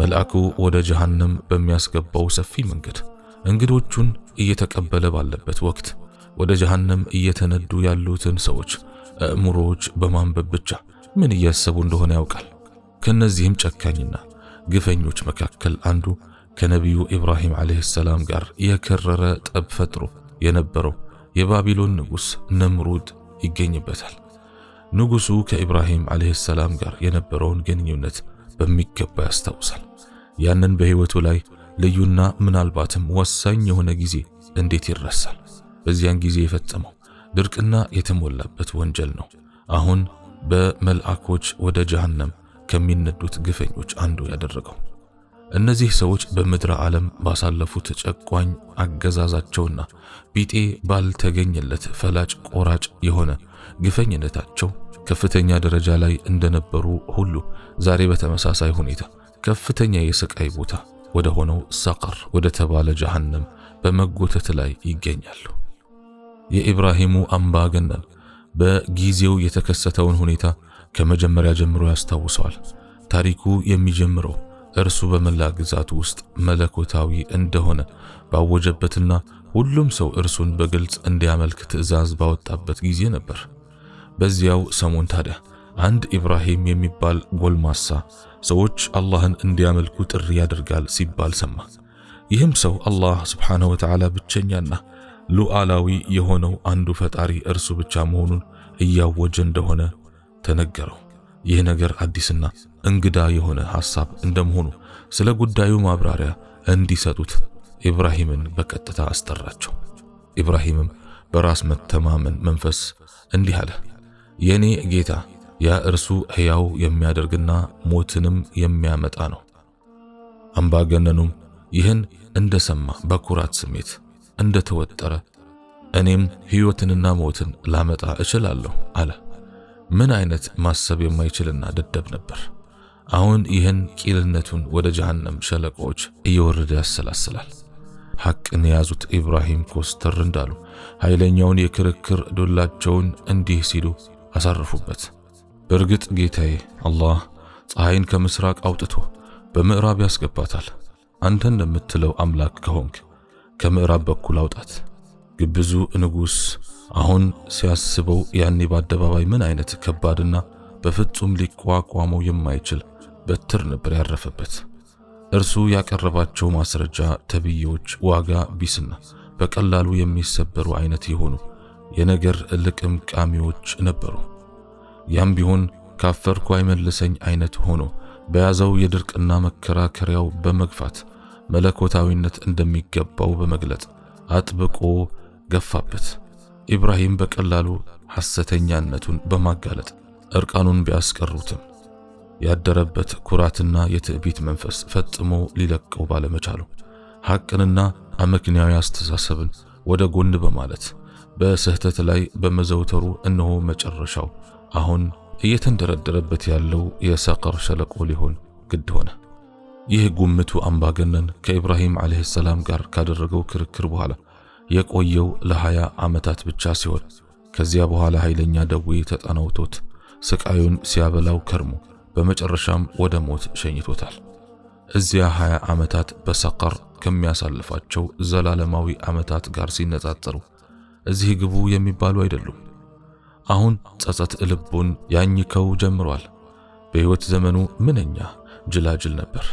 መልአኩ ወደ ጀሃነም በሚያስገባው ሰፊ መንገድ እንግዶቹን እየተቀበለ ባለበት ወቅት ወደ ጀሃነም እየተነዱ ያሉትን ሰዎች አእምሮዎች በማንበብ ብቻ ምን እያሰቡ እንደሆነ ያውቃል። ከነዚህም ጨካኝና ግፈኞች መካከል አንዱ ከነቢዩ ኢብራሂም ዓለይሂ ሰላም ጋር የከረረ ጠብ ፈጥሮ የነበረው የባቢሎን ንጉሥ ነምሩድ ይገኝበታል። ንጉሡ ከኢብራሂም ዓለይሂ ሰላም ጋር የነበረውን ግንኙነት በሚገባ ያስታውሳል። ያንን በህይወቱ ላይ ልዩና ምናልባትም ወሳኝ የሆነ ጊዜ እንዴት ይረሳል? በዚያን ጊዜ የፈጸመው ድርቅና የተሞላበት ወንጀል ነው። አሁን በመልአኮች ወደ ጀሃነም ከሚነዱት ግፈኞች አንዱ ያደረገው። እነዚህ ሰዎች በምድረ ዓለም ባሳለፉት ጨቋኝ አገዛዛቸውና ቢጤ ባልተገኘለት ፈላጭ ቆራጭ የሆነ ግፈኝነታቸው ከፍተኛ ደረጃ ላይ እንደነበሩ ሁሉ ዛሬ በተመሳሳይ ሁኔታ ከፍተኛ የስቃይ ቦታ ወደ ሆነው ሰቀር ወደ ተባለ ጀሃነም በመጎተት ላይ ይገኛሉ። የኢብራሂሙ አምባገነን በጊዜው የተከሰተውን ሁኔታ ከመጀመሪያ ጀምሮ ያስታውሰዋል። ታሪኩ የሚጀምረው እርሱ በመላ ግዛቱ ውስጥ መለኮታዊ እንደሆነ ባወጀበትና ሁሉም ሰው እርሱን በግልጽ እንዲያመልክ ትዕዛዝ ባወጣበት ጊዜ ነበር። በዚያው ሰሞን ታዲያ አንድ ኢብራሂም የሚባል ጎልማሳ ሰዎች አላህን እንዲያመልኩ ጥሪ ያደርጋል ሲባል ሰማ። ይህም ሰው አላህ ስብሓነሁ ወተዓላ ብቸኛና ሉዓላዊ የሆነው አንዱ ፈጣሪ እርሱ ብቻ መሆኑን እያወጀ እንደሆነ ተነገረው። ይህ ነገር አዲስና እንግዳ የሆነ ሐሳብ እንደመሆኑ ስለ ጉዳዩ ማብራሪያ እንዲሰጡት ኢብራሂምን በቀጥታ አስጠራቸው። ኢብራሂምም በራስ መተማመን መንፈስ እንዲህ አለ፣ የእኔ ጌታ ያ እርሱ ሕያው የሚያደርግና ሞትንም የሚያመጣ ነው። አምባገነኑም ይህን እንደሰማ በኩራት ስሜት እንደተወጠረ እኔም ሕይወትንና ሞትን ላመጣ እችላለሁ አለ። ምን አይነት ማሰብ የማይችልና ደደብ ነበር! አሁን ይህን ቂልነቱን ወደ ጀሃነም ሸለቆዎች እየወረደ ያሰላስላል። ሐቅን የያዙት ኢብራሂም ኮስተር እንዳሉ ኃይለኛውን የክርክር ዶላቸውን እንዲህ ሲሉ አሳረፉበት። በእርግጥ ጌታዬ አላህ ፀሐይን ከምስራቅ አውጥቶ በምዕራብ ያስገባታል። አንተ እንደምትለው አምላክ ከሆንክ ከምዕራብ በኩል አውጣት። ግብዙ ንጉሥ አሁን ሲያስበው ያኔ በአደባባይ ምን አይነት ከባድና በፍጹም ሊቋቋመው የማይችል በትር ነበር ያረፈበት። እርሱ ያቀረባቸው ማስረጃ ተብዬዎች ዋጋ ቢስና በቀላሉ የሚሰበሩ አይነት የሆኑ የነገር ልቅምቃሚዎች ነበሩ። ያም ቢሆን ካፈርኩ አይመልሰኝ አይነት ሆኖ በያዘው የድርቅና መከራከሪያው በመግፋት መለኮታዊነት እንደሚገባው በመግለጥ አጥብቆ ገፋበት። ኢብራሂም በቀላሉ ሐሰተኛነቱን በማጋለጥ እርቃኑን ቢያስቀሩትም ያደረበት ኩራትና የትዕቢት መንፈስ ፈጥሞ ሊለቀው ባለመቻሉ ሐቅንና አመክንያዊ አስተሳሰብን ወደ ጎን በማለት በስህተት ላይ በመዘውተሩ እነሆ መጨረሻው አሁን እየተንደረደረበት ያለው የሳቀር ሸለቆ ሊሆን ግድ ሆነ። ይህ ጉምቱ አምባገነን ከኢብራሂም ዓለይሂ ሰላም ጋር ካደረገው ክርክር በኋላ የቆየው ለሀያ ዓመታት ብቻ ሲሆን ከዚያ በኋላ ኃይለኛ ደዌ ተጠናውቶት ስቃዩን ሲያበላው ከርሞ በመጨረሻም ወደ ሞት ሸኝቶታል። እዚያ 20 ዓመታት በሰቀር ከሚያሳልፋቸው ዘላለማዊ ዓመታት ጋር ሲነጻጸሩ እዚህ ግቡ የሚባሉ አይደሉም። አሁን ጸጸት ልቡን ያኝከው ጀምሯል። በሕይወት ዘመኑ ምንኛ ጅላጅል ነበር።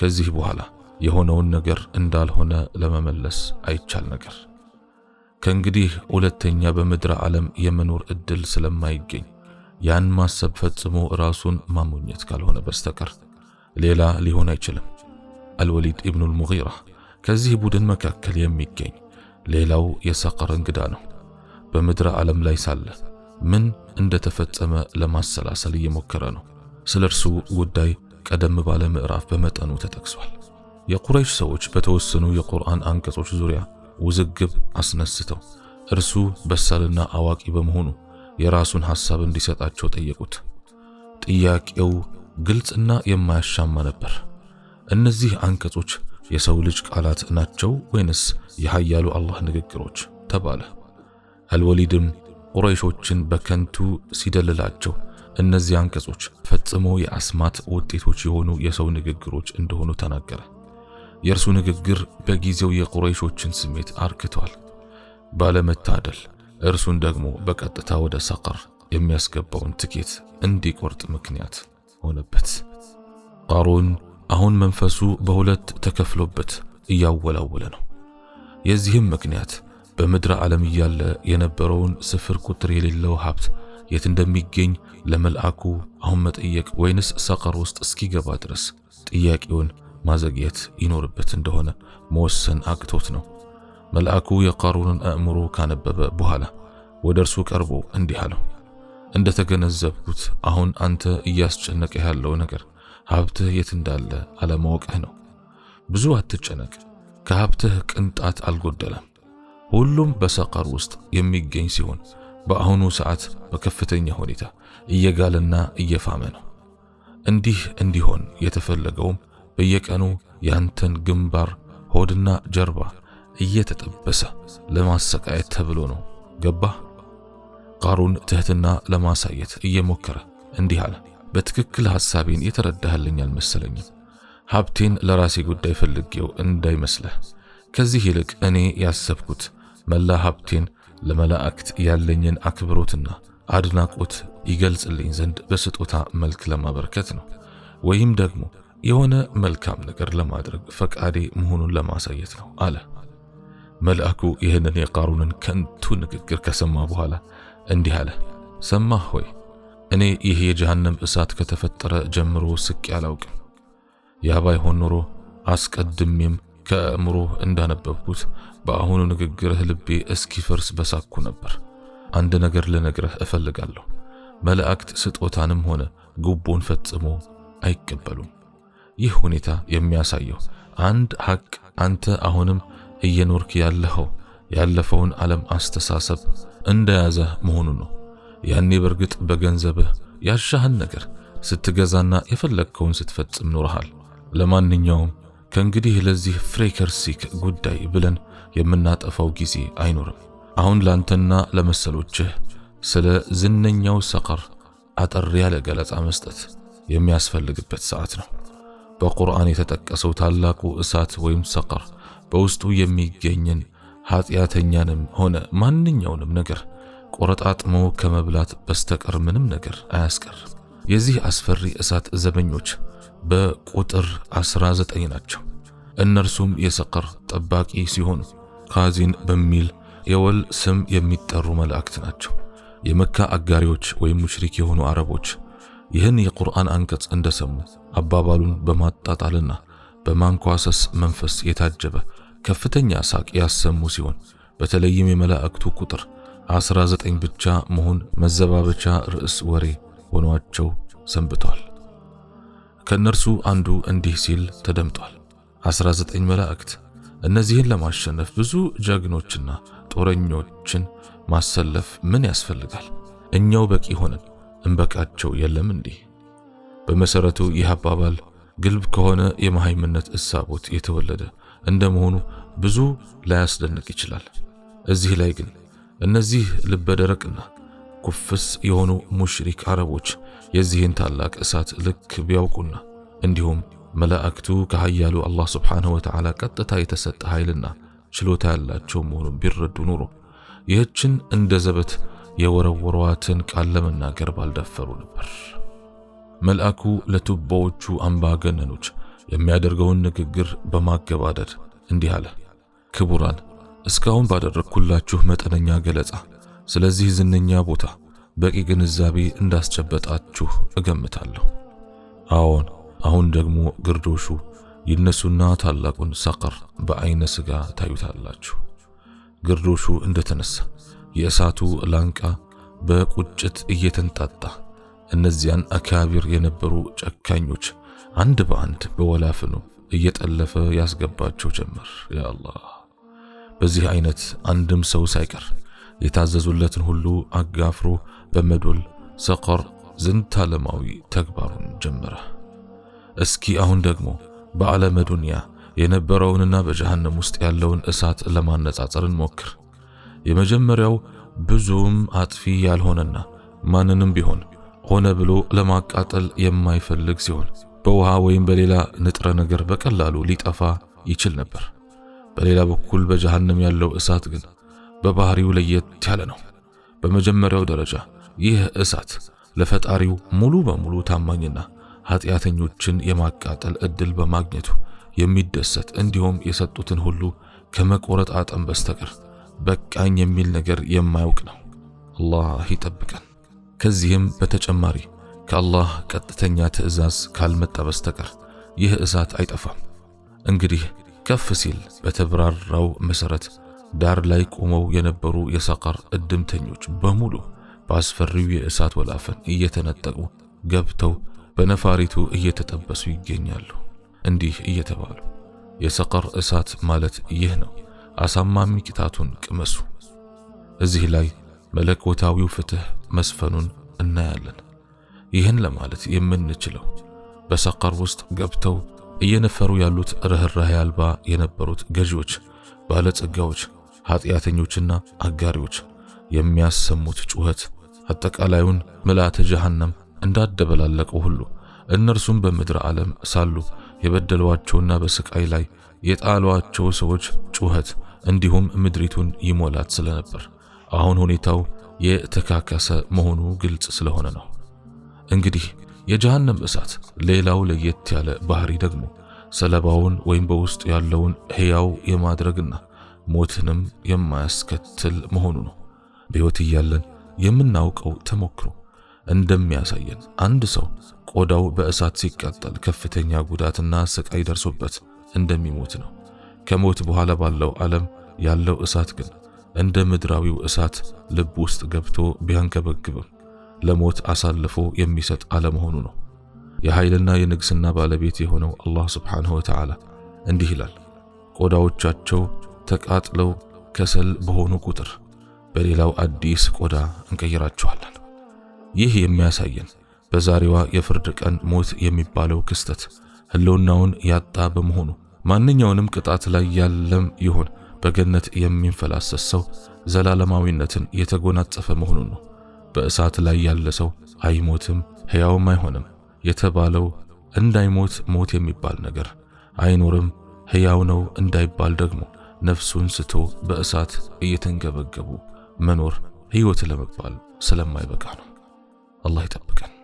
ከዚህ በኋላ የሆነውን ነገር እንዳልሆነ ለመመለስ አይቻል ነገር ከእንግዲህ ሁለተኛ በምድረ ዓለም የመኖር እድል ስለማይገኝ ያን ማሰብ ፈጽሞ ራሱን ማሞኘት ካልሆነ በስተቀር ሌላ ሊሆን አይችልም። አልወሊድ ኢብኑል ሙጊራ ከዚህ ቡድን መካከል የሚገኝ ሌላው የሰቀር እንግዳ ነው። በምድረ ዓለም ላይ ሳለ ምን እንደተፈጸመ ለማሰላሰል እየሞከረ ነው። ስለ እርሱ ጉዳይ ቀደም ባለ ምዕራፍ በመጠኑ ተጠቅሷል። የቁረይሽ ሰዎች በተወሰኑ የቁርአን አንቀጾች ዙሪያ ውዝግብ አስነስተው እርሱ በሳልና አዋቂ በመሆኑ የራሱን ሐሳብ እንዲሰጣቸው ጠየቁት። ጥያቄው ግልጽና የማያሻማ ነበር። እነዚህ አንቀጾች የሰው ልጅ ቃላት ናቸው ወይንስ የኃያሉ አላህ ንግግሮች? ተባለ። አልወሊድም ቁረይሾችን በከንቱ ሲደልላቸው እነዚህ አንቀጾች ፈጽሞ የአስማት ውጤቶች የሆኑ የሰው ንግግሮች እንደሆኑ ተናገረ። የእርሱ ንግግር በጊዜው የቁረይሾችን ስሜት አርክቷል። ባለመታደል እርሱን ደግሞ በቀጥታ ወደ ሰቀር የሚያስገባውን ትኬት እንዲቆርጥ ምክንያት ሆነበት። ቃሩን አሁን መንፈሱ በሁለት ተከፍሎበት እያወላወለ ነው። የዚህም ምክንያት በምድረ ዓለም እያለ የነበረውን ስፍር ቁጥር የሌለው ሀብት የት እንደሚገኝ ለመልአኩ አሁን መጠየቅ ወይንስ ሰቀር ውስጥ እስኪገባ ድረስ ጥያቄውን ማዘግየት ይኖርበት እንደሆነ መወሰን አቅቶት ነው። መልአኩ የቃሩንን አእምሮ ካነበበ በኋላ ወደ እርሱ ቀርቦ እንዲህ አለው፣ እንደ ተገነዘብኩት አሁን አንተ እያስጨነቀ ያለው ነገር ሀብትህ የት እንዳለ አለማወቅህ ነው። ብዙ አትጨነቅ፣ ከሀብትህ ቅንጣት አልጎደለም። ሁሉም በሰቀር ውስጥ የሚገኝ ሲሆን በአሁኑ ሰዓት በከፍተኛ ሁኔታ እየጋለና እየፋመ ነው። እንዲህ እንዲሆን የተፈለገውም በየቀኑ ያንተን ግንባር፣ ሆድና ጀርባ እየተጠበሰ ለማሰቃየት ተብሎ ነው። ገባህ? ቃሩን ትህትና ለማሳየት እየሞከረ እንዲህ አለ። በትክክል ሐሳቤን የተረዳህልኝ አልመሰለኝም። ሀብቴን ለራሴ ጉዳይ ፈልጌው እንዳይመስለህ። ከዚህ ይልቅ እኔ ያሰብኩት መላ ሀብቴን ለመላእክት ያለኝን አክብሮትና አድናቆት ይገልጽልኝ ዘንድ በስጦታ መልክ ለማበረከት ነው፣ ወይም ደግሞ የሆነ መልካም ነገር ለማድረግ ፈቃዴ መሆኑን ለማሳየት ነው አለ። መልአኩ ይህንን የቃሩንን ከንቱ ንግግር ከሰማ በኋላ እንዲህ አለ፣ ሰማህ ሆይ እኔ ይህ የጀሃነም እሳት ከተፈጠረ ጀምሮ ስቄ አላውቅም። ያ ባይሆን ኖሮ አስቀድሜም ከአእምሮ እንዳነበብኩት በአሁኑ ንግግርህ ልቤ እስኪፈርስ በሳኩ ነበር። አንድ ነገር ልነግረህ እፈልጋለሁ። መላእክት ስጦታንም ሆነ ጉቦን ፈጽሞ አይቀበሉም። ይህ ሁኔታ የሚያሳየው አንድ ሐቅ አንተ አሁንም እየኖርክ ያለኸው ያለፈውን ዓለም አስተሳሰብ እንደያዘህ መሆኑ ነው። ያኔ በርግጥ በገንዘብህ ያሻህን ነገር ስትገዛና የፈለግከውን ስትፈጽም ኖረሃል። ለማንኛውም ከእንግዲህ ለዚህ ፍሬከርሲክ ጉዳይ ብለን የምናጠፋው ጊዜ አይኖርም። አሁን ላንተና ለመሰሎችህ ስለ ዝነኛው ሰቀር አጠር ያለ ገለጻ መስጠት የሚያስፈልግበት ሰዓት ነው። በቁርአን የተጠቀሰው ታላቁ እሳት ወይም ሰቀር በውስጡ የሚገኝን ኃጢአተኛንም ሆነ ማንኛውንም ነገር ቆረጣጥሞ ከመብላት በስተቀር ምንም ነገር አያስቀርም። የዚህ አስፈሪ እሳት ዘበኞች በቁጥር 19 ናቸው። እነርሱም የሰቀር ጠባቂ ሲሆኑ ካዚን በሚል የወል ስም የሚጠሩ መላእክት ናቸው። የመካ አጋሪዎች ወይም ሙሽሪክ የሆኑ አረቦች ይህን የቁርአን አንቀጽ እንደሰሙ አባባሉን በማጣጣልና በማንኳሰስ መንፈስ የታጀበ ከፍተኛ ሳቅ ያሰሙ ሲሆን በተለይም የመላእክቱ ቁጥር 19 ብቻ መሆን መዘባበቻ ርዕስ ወሬ ሆኗቸው ሰንብተዋል። ከእነርሱ አንዱ እንዲህ ሲል ተደምጧል። 19 መላእክት እነዚህን ለማሸነፍ ብዙ ጀግኖችና ጦረኞችን ማሰለፍ ምን ያስፈልጋል? እኛው በቂ ሆነን እንበቃቸው የለም እንዲህ። በመሰረቱ ይህ አባባል ግልብ ከሆነ የመሃይምነት እሳቦት የተወለደ እንደመሆኑ ብዙ ላያስደንቅ ይችላል። እዚህ ላይ ግን እነዚህ ልበደረቅና ኩፍስ የሆኑ ሙሽሪክ አረቦች የዚህን ታላቅ እሳት ልክ ቢያውቁና እንዲሁም መላእክቱ ከሃያሉ አላህ ስብሓንሁ ወተዓላ ቀጥታ የተሰጠ ኃይልና ችሎታ ያላቸው መሆኑን ቢረዱ ኑሮ ይህችን እንደ ዘበት የወረወሯትን ቃል ለመናገር ባልደፈሩ ነበር። መልአኩ ለቱቦዎቹ አምባገነኖች የሚያደርገውን ንግግር በማገባደድ እንዲህ አለ። ክቡራን፣ እስካሁን ባደረግኩላችሁ መጠነኛ ገለጻ ስለዚህ ዝነኛ ቦታ በቂ ግንዛቤ እንዳስጨበጣችሁ እገምታለሁ። አዎን፣ አሁን ደግሞ ግርዶሹ ይነሱና ታላቁን ሰቅር በአይነ ስጋ ታዩታላችሁ። ግርዶሹ እንደተነሳ የእሳቱ ላንቃ በቁጭት እየተንጣጣ እነዚያን አካቢር የነበሩ ጨካኞች አንድ በአንድ በወላፍኑ እየጠለፈ ያስገባቸው ጀመር። ያ አላህ! በዚህ አይነት አንድም ሰው ሳይቀር የታዘዙለትን ሁሉ አጋፍሮ በመዶል ሰቀር ዝንተ ተግባሩን ጀመረ። እስኪ አሁን ደግሞ በዓለመ ዱንያ የነበረውንና በጀሃነም ውስጥ ያለውን እሳት ለማነጻጸር እንሞክር። የመጀመሪያው ብዙም አጥፊ ያልሆነና ማንንም ቢሆን ሆነ ብሎ ለማቃጠል የማይፈልግ ሲሆን በውሃ ወይም በሌላ ንጥረ ነገር በቀላሉ ሊጠፋ ይችል ነበር። በሌላ በኩል በጀሃነም ያለው እሳት ግን በባህሪው ለየት ያለ ነው። በመጀመሪያው ደረጃ ይህ እሳት ለፈጣሪው ሙሉ በሙሉ ታማኝና ኃጢአተኞችን የማቃጠል እድል በማግኘቱ የሚደሰት እንዲሁም የሰጡትን ሁሉ ከመቆረጣጠም በስተቀር በቃኝ የሚል ነገር የማያውቅ ነው። አላህ ይጠብቀን። ከዚህም በተጨማሪ ከአላህ ቀጥተኛ ትዕዛዝ ካልመጣ በስተቀር ይህ እሳት አይጠፋም። እንግዲህ ከፍ ሲል በተብራራው መሠረት ዳር ላይ ቆመው የነበሩ የሰቀር እድምተኞች በሙሉ በአስፈሪው የእሳት ወላፈን እየተነጠቁ ገብተው በነፋሪቱ እየተጠበሱ ይገኛሉ። እንዲህ እየተባሉ የሰቀር እሳት ማለት ይህ ነው፣ አሳማሚ ቅጣቱን ቅመሱ። እዚህ ላይ መለኮታዊው ፍትህ መስፈኑን እናያለን። ይህን ለማለት የምንችለው በሰቀር ውስጥ ገብተው እየነፈሩ ያሉት ርኅራኄ አልባ የነበሩት ገዢዎች፣ ባለጸጋዎች ኃጢአተኞችና አጋሪዎች የሚያሰሙት ጩኸት አጠቃላዩን ምልአተ ጀሃነም እንዳደበላለቀው ሁሉ እነርሱም በምድር ዓለም ሳሉ የበደሏቸውና በስቃይ ላይ የጣሏቸው ሰዎች ጩኸት እንዲሁም ምድሪቱን ይሞላት ስለነበር አሁን ሁኔታው የተካከሰ መሆኑ ግልጽ ስለሆነ ነው። እንግዲህ የጀሃነም እሳት ሌላው ለየት ያለ ባህሪ ደግሞ ሰለባውን ወይም በውስጡ ያለውን ሕያው የማድረግና ሞትንም የማያስከትል መሆኑ ነው። በሕይወት እያለን የምናውቀው ተሞክሮ እንደሚያሳየን አንድ ሰው ቆዳው በእሳት ሲቃጠል ከፍተኛ ጉዳትና ስቃይ ደርሶበት እንደሚሞት ነው። ከሞት በኋላ ባለው ዓለም ያለው እሳት ግን እንደ ምድራዊው እሳት ልብ ውስጥ ገብቶ ቢያንገበግብም ለሞት አሳልፎ የሚሰጥ አለመሆኑ ነው። የኃይልና የንግስና ባለቤት የሆነው አላህ ሱብሓነሁ ወተዓላ እንዲህ ይላል፣ ቆዳዎቻቸው ተቃጥለው ከሰል በሆኑ ቁጥር በሌላው አዲስ ቆዳ እንቀይራቸዋለን። ይህ የሚያሳየን በዛሬዋ የፍርድ ቀን ሞት የሚባለው ክስተት ሕልውናውን ያጣ በመሆኑ ማንኛውንም ቅጣት ላይ ያለም ይሆን በገነት የሚንፈላሰስ ሰው ዘላለማዊነትን የተጎናጸፈ መሆኑን ነው። በእሳት ላይ ያለ ሰው አይሞትም፣ ሕያውም አይሆንም የተባለው እንዳይሞት ሞት የሚባል ነገር አይኖርም፣ ሕያው ነው እንዳይባል ደግሞ ነፍሱን ስቶ በእሳት እየተንገበገቡ መኖር ሕይወት ለመባል ስለማይበቃ ነው። አላህ ይጠብቀን።